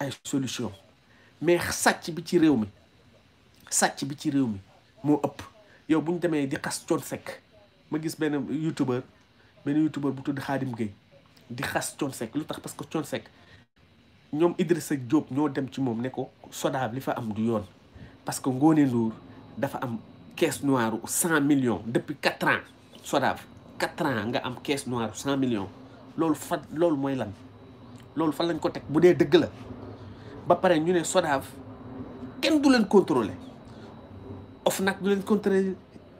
ay solution mais sàcc bi ci réew mi sàcc bi ci réew mi moo ëpp yow bu ñu demee di xas Thione Seck ma gis benn youtubeur benn youtubeur bu tudd Khadim Gueye di xas Thione lu tax parce que Thione Seck ñoom Idrissa Diop ñoo dem ci moom ne ko sodaab li fa am du yoon parce que Ngone Ndour dafa am caisse noire u million depuis quatre ans sodaab quatre ans nga am caisse noire u cent millions loolu fa loolu mooy lan loolu fan lañ ko teg bu dee dëgg la bapare nyune sodaf ken doulen contrôler of nak doulen contrôler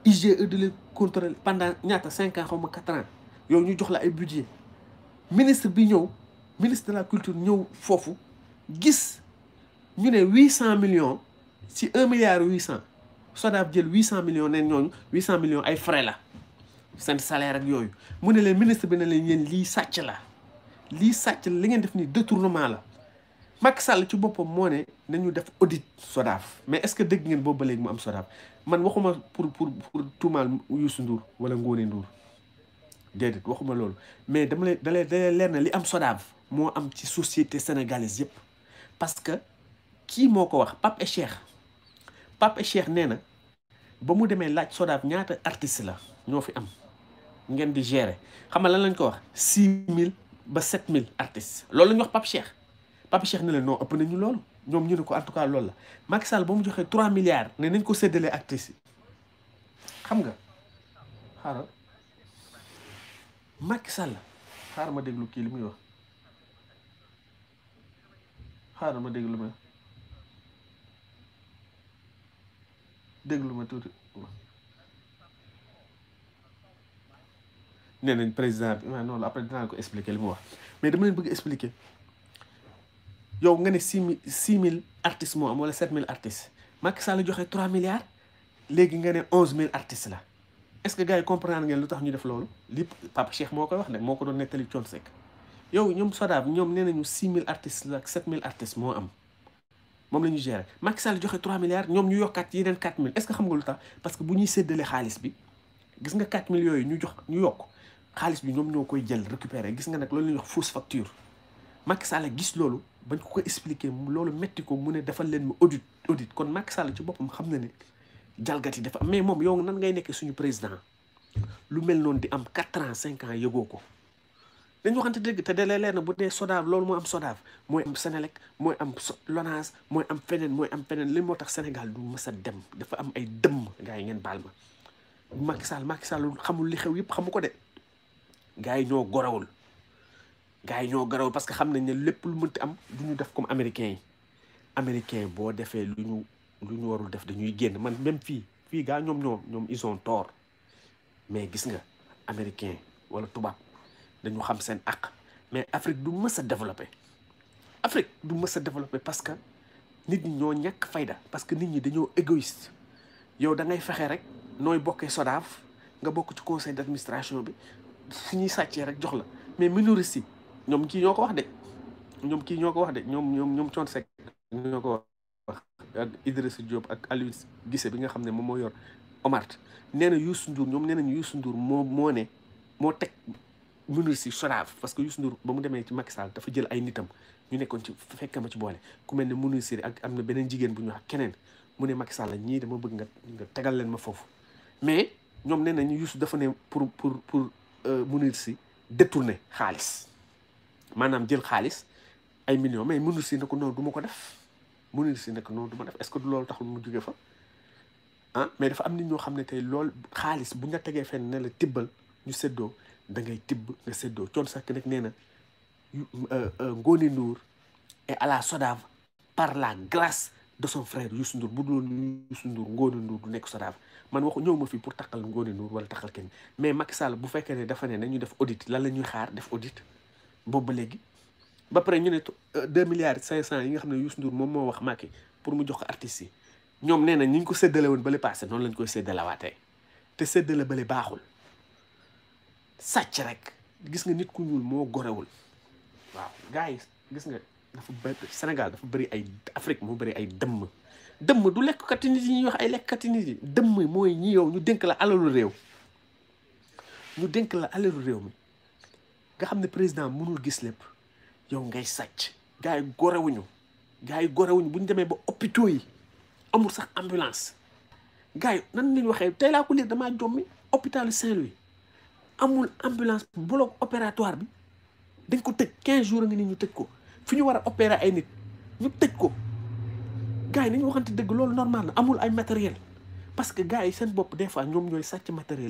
IGE le contrôler pendant nyata 5 ans xawma 4 ans yow ñu jox la ay budget ministre bi ñew ministre de la culture ñew fofu gis ñune 800 millions ci 1 milliard 800 sodaf jël 800 millions nen ñoñu 800 millions ay frais la sen salaire ak yoyu mune le ministre bi ne le ñen li satch la li satch li ngeen def ni détournement la Macky sàll ci boppam moo ne ñu def audit SODAV mais est-ce que dégg ngeen boobu ba léegi mu am SODAV man waxuma pour pour pour tuumaal Youssou Ndour wala Ngone Ndour déedéet waxuma loolu mais dama lay da lay leer na li am SODAV moo am ci société sénégalaise yëpp parce que kii moo ko wax Pape et Cheikh Pape et nee na ba mu demee laaj SODAV ñaata artiste la ñoo fi am ngeen di gérer xam nga lan lañ ko wax six mille ba sept mille artistes loolu la ñu wax Pape Cheikh. Pape Cheikh ne leen ëpp nañu loolu ñoom ñu ne ko en tout cas loolu la Macky Sall ba mu joxee 3 milliards ne nañ ko séddalee actrices yi xam nga xaaral Macky Sall xaaral ma déglu kii li muy wax xaaral ma déglu ma déglu ma tuuti nee nañ président bi non après dinaa ko expliquer li mu wax mais dama leen bëgg expliquer yow nga ne 6000 artistes mo am wala 7000 artistes Macky Sall joxe 3 milliards légui nga ne 11000 artistes la est-ce que gars comprendre ngeen lutax ñu def lolu li Papa Cheikh moko wax nag moko do netali nettali Thione yow ñom soda ñom nee nañu six artistes la ak sept artistes mo am mom lañu gérer Macky Sall joxe 3 milliards ñom ñu yokkat yeneen quatre mille est-ce que xam nga lutax parce que bu ñuy sédélé xaalis bi gis nga 4000 mille ñu jox ñu yok xaalis bi ñom ñokoy jël récupérer gis nga nak lolu la wax fausse facture Macky Sall gis lolu bañ ko ko expliquer loolu métti ko mu ne defal leen ma audit audit kon Macky Sall ci boppam xam na ne jalgati dafa am mais moom yow nan ngay nekkee suñu président lu mel noonu di am quatre ans cinq ans yëgoo ko dañu waxante dëgg te dalee leer na bu dee Sodav loolu moo am Sodav mooy am Senelec mooy am Lonase mooy am feneen mooy am feneen li moo tax Sénégal du mës a dem dafa am ay dëmm gaa yi ngeen baal ma Macky Sall Macky Sall xamul li xew yëpp xamu ko de gars yi ñoo gorawul gars yi ñoo garaw parce que xam nañ ne lépp lu mënti am du ñu def comme américain yi américain boo defee lu ñu lu ñu warul def dañuy génn man même fii fii gars ñoom ñoom ñoom ils ont tort mais gis nga américain wala tubaab dañu xam seen àq mais Afrique du mës a développé Afrique du mës a développé parce que nit ñi ñoo ñàkk fayda parce que nit ñi dañoo égoïste yow da ngay fexe rek nooy bokkee SODAV nga bokk ci conseil d'administration bi fu ñuy sàccee rek jox la mais minoriste ñoom kii ñoo ko wax de ñoom kii ñoo ko wax de ñoom ñoom ñoom Thione Seck ñoo ko wax ak Idrissa Diop ak Aliou Guissé bi nga xam ne moom moo yor Omart nee na Youssou Ndour ñoom nee nañ Youssou Ndour moo moo ne moo teg mënul si Sodav parce que Youssou Ndour ba mu demee ci Macky Sall dafa jël ay nitam ñu nekkoon ci fekkee ma ci boole ku mel ne mënul si ak am na beneen jigéen bu ñu wax keneen mu ne Macky Sall ñii dama bëgg nga nga tegal leen ma foofu mais ñoom nee nañu Youssou dafa ne pour pour pour euh, mënul si détourner xaalis manam jël xaalis ay millions mais mënul si nak non duma ko def mënul si nak non duma def est-ce que lool taxul mu jóge fa han mais dafa am nit ñoo xamne tay lool loolu bu nga la fenn ne la tibbal ñu seddo da ngay tibb nga séddoo coon sax nag nee na Ngone nour et à la SODAV par la glace de son frère Youssou Ndour bu doon Youssou Ndour Ngone Ndour du nekk SODAV man waxu ñewuma fi pour takal Ngone Ndour wala takal ken mais Macky Sall bu fekkene dafa ne nañu def audit lan la ñuy xaar def audit. boobu ba léegi ba pare ñu ne euh, deux milliards cinq cent yi nga xam ne Youssou Ndour moom moo wax pour mu jox ko artistes yi ñoom nee na ko séddale woon bale passé noonu lañ koy séddalawaatee te séddale bale baaxul sàcc rek gis nga nit ku ñuul moo gorewul waaw gars yi gis nga dafa bëri dafa bëri ay Afrique moo bëri ay dëmm dëmm du lekkati nit yi ñuy wax ay lekkati nit yi dëmm mooy ñi yow ñu dénk la alalu réew ñu dénk la alalu réew mi nga xam ne président mënul gis lépp yow ngay sàcc gars yi gorewuñu gars yi gorewuñu bu ñu demee ba hôpitaux yi amul sax ambulance gars yi nan lañ waxee tey laa ko lire damaa jommi hôpitalu Saint-Louis amul ambulance bloc opératoire bi dañ ko tëj quinze jours nga ni ñu tëj ko fi ñu war a opérer ay nit ñu tëj ko gars yi nañu waxante dëgg loolu normal na amul ay matériel parce que gars seen bopp des fois ñoom ñooy sàcc matériel